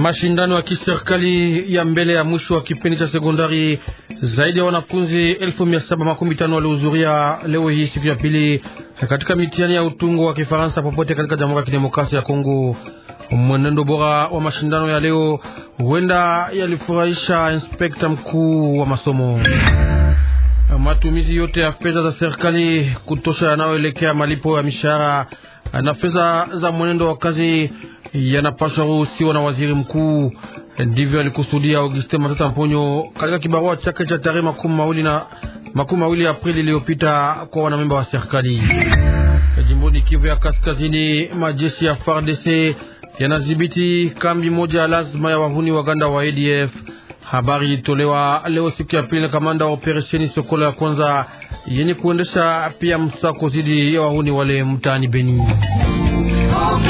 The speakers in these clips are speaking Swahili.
Mashindano ya kiserikali ya mbele ya mwisho wa kipindi cha sekondari, zaidi ya wanafunzi 1715 walihudhuria leo hii siku ya pili katika mitihani ya utungo wa Kifaransa popote katika Jamhuri ya Kidemokrasia ya Kongo. Mwenendo bora wa mashindano ya leo huenda yalifurahisha inspekta mkuu wa masomo. Matumizi yote ya fedha za serikali kutosha yanayoelekea malipo ya mishahara na fedha za mwenendo wa kazi yanapaswa ruhusiwa na waziri mkuu. Ndivyo alikusudia Augustin Matata Mponyo katika kibarua chake cha tarehe makumi mawili na makumi mawili Aprili iliyopita kwa wanamemba wa serikali. Jimboni Kivu ya Kaskazini, majeshi ya FARDC yanadhibiti kambi moja lazima ya wahuni waganda wa ADF. Habari ilitolewa leo siku ya pili na kamanda wa operesheni Sokola ya kwanza yenye kuendesha pia msako dhidi ya wahuni wale mtaani Beni. Oh,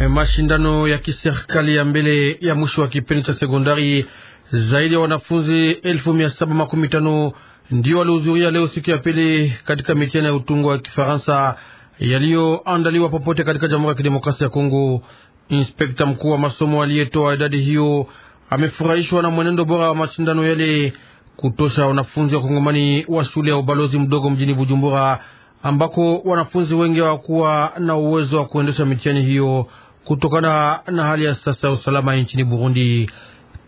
Eh, mashindano ya kiserikali ya mbele ya mwisho wa kipindi cha sekondari. Zaidi ya wanafunzi elfu mia saba makumi tano ndio walihudhuria leo siku ya pili katika mitihani ya utungo wa Kifaransa yaliyoandaliwa popote katika Jamhuri ya Kidemokrasia ya Kongo. Inspekta mkuu wa masomo aliyetoa idadi hiyo amefurahishwa na mwenendo bora wa mashindano yale, kutosha wanafunzi wa Kongomani wa shule ya ubalozi mdogo mjini Bujumbura, ambako wanafunzi wengi hawakuwa na uwezo wa kuendesha mitihani hiyo kutokana na hali ya sasa ya usalama nchini Burundi.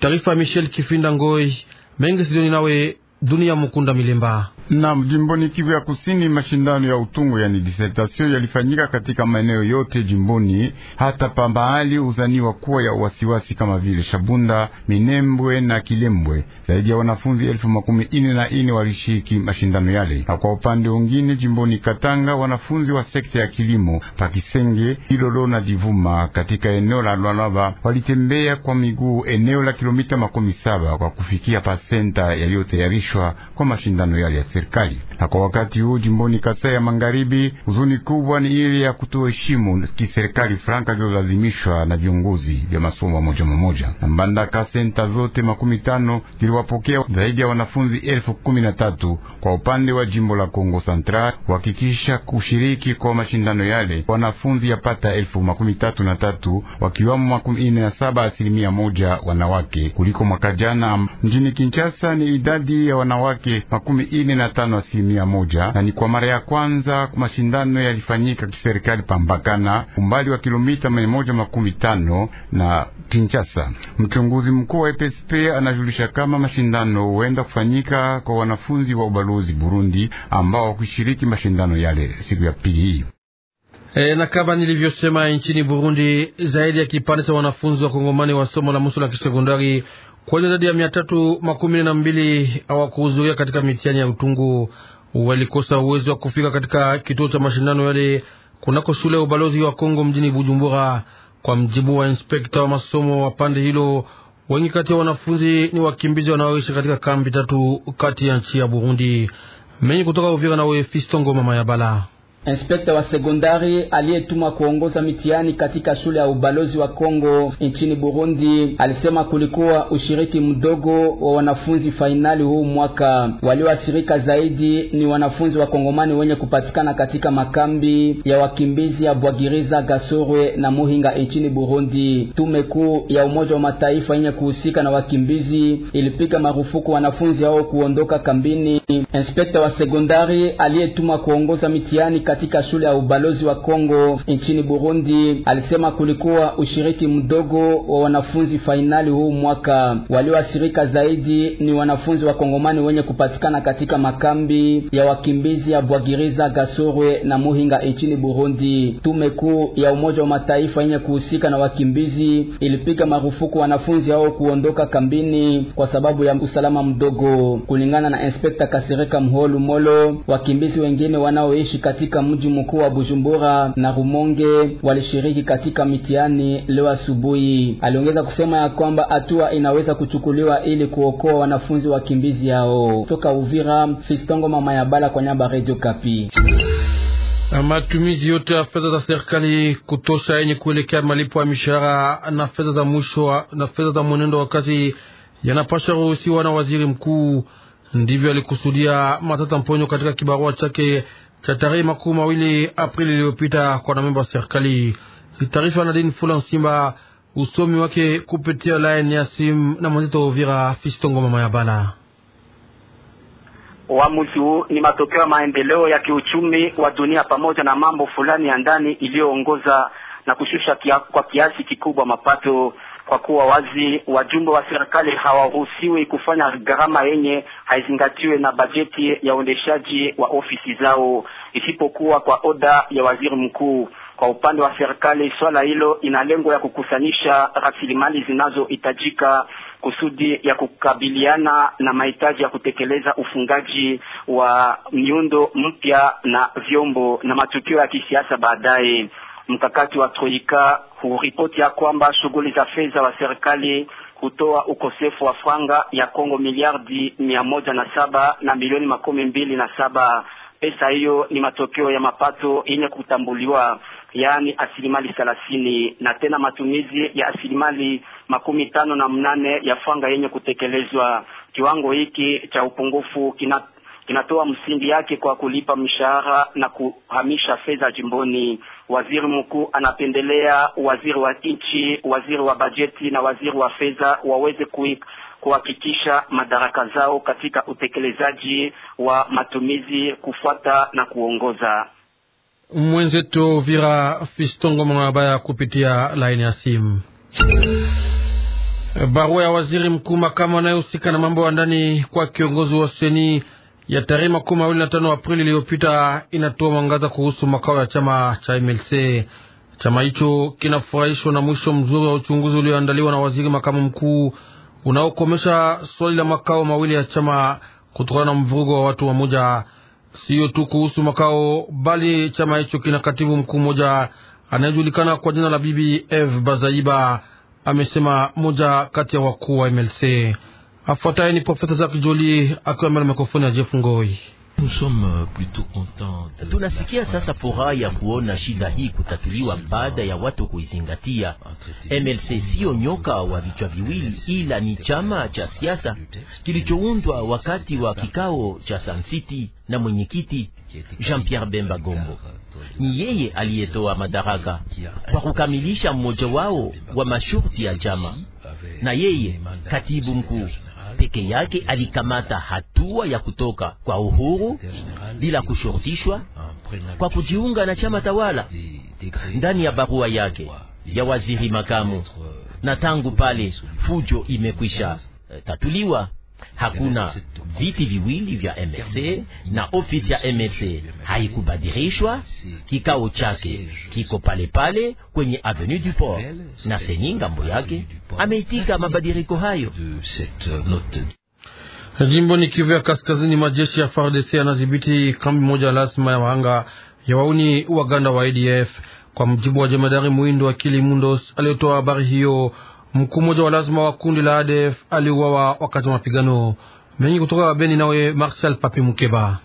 Taarifa ya Michel Kifinda Ngoi mengi sidoni nawe Dunia Mukunda Milemba. Naam, jimboni Kivu ya Kusini, mashindano ya ni yani disertasio yalifanyika katika maeneo yote jimboni, hata pambahali uzaniwa kuwa ya wasiwasi kama vile Shabunda, Minembwe na Kilembwe. Zaidi ya wanafunzi elfu makumi ine na ine walishiriki mashindano yale, na kwa upande wengine jimboni Katanga, wanafunzi wa sekta ya kilimo Pakisenge, Ilolo na Divuma katika eneo la Lwalaba walitembea kwa miguu eneo la kilomita makumi saba kwa kufikia pasenta yaliyotayarisha kuanzishwa kwa mashindano yale ya serikali na kwa wakati huu jimboni Kasai ya Magharibi, huzuni kubwa ni ile ya kutoheshimu kiserikali franka zilizolazimishwa na viongozi vya masomo moja mamoja na Mbandaka. Senta zote makumi tano ziliwapokea zaidi ya wanafunzi elfu kumi na tatu kwa upande wa jimbo la Kongo Central, wakikisha kushiriki kwa mashindano yale wanafunzi yapata elfu makumi tatu na tatu wakiwamo makumi nne na saba asilimia moja wanawake kuliko mwaka jana. Mjini Kinshasa ni idadi ya wanawake makumi nne na tano asilimia mia moja na ni kwa mara ya kwanza mashindano yalifanyika kiserikali pambakana umbali wa kilomita mia moja makumi tano na Kinshasa. Mchunguzi mkuu wa EPSP anajulisha kama mashindano huenda kufanyika kwa wanafunzi wa ubalozi Burundi ambao hawakushiriki mashindano yale siku ya pili hii. E, na kama nilivyosema, nchini Burundi zaidi ya kipande cha wanafunzi wa kongomani wa somo la musu la kisekondari kwenye idadi ya mia tatu makumi na mbili hawakuhudhuria katika mitihani ya utungu walikosa uwezo wa kufika katika kituo cha mashindano yale kunako shule ya ubalozi wa Kongo mjini Bujumbura. Kwa mjibu wa inspekta wa masomo wa pande hilo, wengi kati ya wanafunzi ni wakimbizi wanaoishi katika kambi tatu kati ya nchi ya Burundi. Mengi kutoka Uvira na mama ya bala Inspekta wa sekondari aliyetumwa kuongoza mitihani katika shule ya ubalozi wa Kongo nchini Burundi alisema kulikuwa ushiriki mdogo wa wanafunzi fainali huu mwaka. Walioathirika zaidi ni wanafunzi wa Kongomani wenye kupatikana katika makambi ya wakimbizi ya Bwagiriza, Gasorwe na Muhinga nchini Burundi. Tume kuu ya Umoja wa Mataifa yenye kuhusika na wakimbizi ilipiga marufuku wanafunzi hao kuondoka kambini Inspekta wa sekondari aliyetumwa kuongoza mitihani katika shule ya ubalozi wa Kongo nchini Burundi alisema kulikuwa ushiriki mdogo wa wanafunzi fainali huu mwaka. Walioathirika zaidi ni wanafunzi wa Kongomani wenye kupatikana katika makambi ya wakimbizi ya Bwagiriza, Gasorwe na Muhinga nchini Burundi. Tume kuu ya Umoja wa Mataifa yenye kuhusika na wakimbizi ilipiga marufuku wanafunzi hao kuondoka kambini kwa sababu ya usalama mdogo, kulingana na inspekta wanakasirika mholu molo. Wakimbizi wengine wanaoishi katika mji mkuu wa Bujumbura na Rumonge walishiriki katika mitihani leo asubuhi. Aliongeza kusema ya kwamba hatua inaweza kuchukuliwa ili kuokoa wanafunzi wakimbizi hao. Toka Uvira, Fistongo mama ya Bala kwa nyamba Radio Kapi. Matumizi yote ya fedha za serikali kutosha yenye kuelekea malipo ya mishahara na fedha za mwisho na fedha za mwenendo wa kazi yanapasha ruhusiwa na waziri mkuu. Ndivyo alikusudia Matata Mponyo katika kibarua chake cha tarehe makumi mawili Aprili iliyopita kwa namemba wa serikali. Taarifa na dini Fula Nsimba, usomi wake kupitia laini ya simu na mwenzito Uvira Fistongo mama ya bana. Uamuzi huu ni matokeo ya maendeleo ya kiuchumi wa dunia pamoja na mambo fulani ya ndani iliyoongoza na kushusha kia, kwa kiasi kikubwa mapato kwa kuwa wazi wajumbe wa serikali hawaruhusiwi kufanya gharama yenye haizingatiwe na bajeti ya uendeshaji wa ofisi zao, isipokuwa kwa oda ya waziri mkuu. Kwa upande wa serikali, swala hilo ina lengo ya kukusanyisha rasilimali zinazohitajika kusudi ya kukabiliana na mahitaji ya kutekeleza ufungaji wa miundo mpya na vyombo na matukio ya kisiasa baadaye. Mkakati wa Troika huripoti ya kwamba shughuli za fedha wa serikali hutoa ukosefu wa franga ya Kongo miliardi mia moja na saba na milioni makumi mbili na saba. Pesa hiyo ni matokeo ya mapato yenye kutambuliwa yaani asilimali thelathini na tena matumizi ya asilimali makumi tano na mnane ya franga yenye kutekelezwa. Kiwango hiki cha upungufu kina kinatoa msingi yake kwa kulipa mshahara na kuhamisha fedha jimboni. Waziri mkuu anapendelea waziri wa nchi, waziri wa bajeti na waziri wa fedha waweze kuhakikisha madaraka zao katika utekelezaji wa matumizi, kufuata na kuongoza. Mwenzetu Vira Fistongo Mwanabaya kupitia laini ya simu. Barua ya waziri mkuu makamu anayehusika na mambo ya ndani kwa kiongozi wa seni ya tarehe makumi mawili na tano Aprili iliyopita inatoa mwangaza kuhusu makao ya chama cha MLC. Chama hicho kinafurahishwa na mwisho mzuri wa uchunguzi ulioandaliwa na waziri makamu mkuu unaokomesha swali la makao mawili ya chama kutokana na mvurugo wa watu wa moja Siyo tu kuhusu makao, bali chama hicho kina katibu mkuu mmoja anayejulikana kwa jina la Bibi Eve Bazaiba, amesema moja kati ya wakuu wa MLC. Afuataye ni Profesa Jacques Joli akiwa mbele mikrofoni ya Jeff Ngoi. Euh, Tunasikia sasa furaha ya kuona shida hii kutatuliwa baada ya euh, watu kuizingatia. MLC sio nyoka wa vichwa viwili, ila ni chama euh, cha siasa kilichoundwa wakati wa kikao cha San City na mwenyekiti Jean-Pierre Bemba Gombo ni yeye aliyetoa madaraka kwa kukamilisha mmoja wao wa masharti ya chama, na yeye katibu mkuu peke yake alikamata hatua ya kutoka kwa uhuru bila kushurutishwa kwa kujiunga na chama tawala ndani ya barua yake ya waziri makamu, na tangu pale fujo imekwisha eh, tatuliwa hakuna viti viwili vya MRC na ofisi ya MRC haikubadilishwa. Kikao chake kiko pale pale kwenye Avenue du Port, na Seni ngambo yake ameitika mabadiliko hayo. ni Kivu ya Kaskazini, majeshi ya FARDC yanadhibiti kambi moja lazima ya wahanga ya wauni Waganda wa ADF, kwa mjibu wa jemadari Muindo Akili Mundos aliyotoa habari hiyo Mkuu mmoja wa lazima wa kundi la ADF aliuawa wakati wa mapigano mengi kutoka Beni. Nawe Marshal Papi Mukeba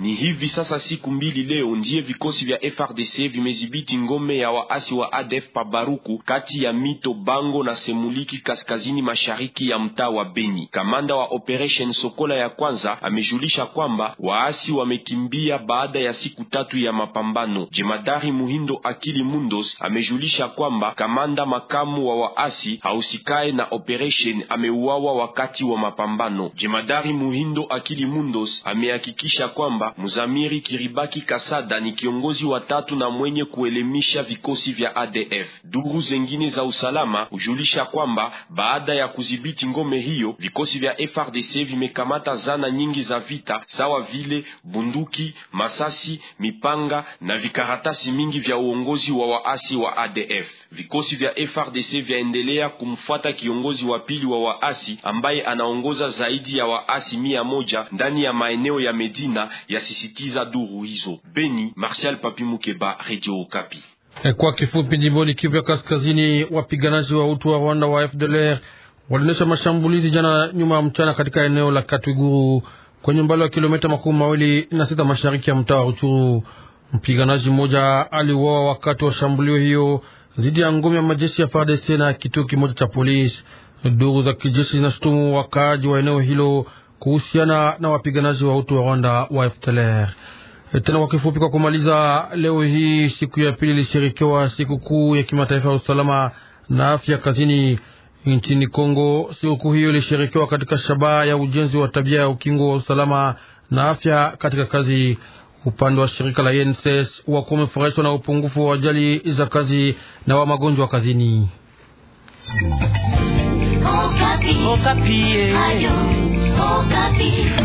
ni hivi sasa siku mbili leo ndiye vikosi vya FRDC vimezibiti ngome ya waasi wa ADF Pabaruku kati ya mito Bango na Semuliki kaskazini mashariki ya mtaa wa Beni. Kamanda wa Operation Sokola ya kwanza amejulisha kwamba waasi wamekimbia baada ya siku tatu ya mapambano. Jemadari Muhindo Akili Mundos amejulisha kwamba kamanda makamu wa waasi hausikae na operation ameuawa wakati wa mapambano. Jemadari Muhindo Akili Mundos amehakikisha kwamba muzamiri Kiribaki Kasada ni kiongozi wa tatu na mwenye kuelemisha vikosi vya ADF. Duru zengine za usalama hujulisha kwamba baada ya kudhibiti ngome hiyo, vikosi vya FRDC vimekamata zana nyingi za vita sawa vile bunduki, masasi, mipanga na vikaratasi mingi vya uongozi wa waasi wa ADF. Vikosi vya FRDC vyaendelea kumfuata kiongozi wa pili wa waasi ambaye anaongoza zaidi ya waasi mia moja ndani ya maeneo ya Medina ya inasisitiza duru hizo. Beni, Martial Papi Mukeba, Radio Okapi. Eh, kwa kifupi, jimboni Kivu ya Kaskazini, wapiganaji wa utu wa Rwanda wa FDLR walionyesha mashambulizi jana nyuma ya mchana katika eneo la Katwiguru kwenye umbali wa kilomita makumi mawili na sita mashariki ya mtaa wa Ruchuru. Mpiganaji mmoja aliuawa wakati wa shambulio hiyo dhidi ya ngome ya majeshi ya FARDC na kituo kimoja cha polisi. Duru za kijeshi zinashutumu wakaaji wa eneo hilo kuhusiana na wapiganaji wa utu wa Rwanda wa FDLR. Tena kwa kifupi, kwa kumaliza, leo hii siku ya pili ilishirikiwa sikukuu ya kimataifa ya usalama na afya kazini nchini Kongo. Sikukuu hiyo ilisherekewa katika shabaha ya ujenzi wa tabia ya ukingo wa usalama na afya katika kazi. Upande wa shirika la INSS wakuwa wamefurahishwa na upungufu wa ajali za kazi na wa magonjwa kazini. Okapi. Okapi. Eh. Okapi.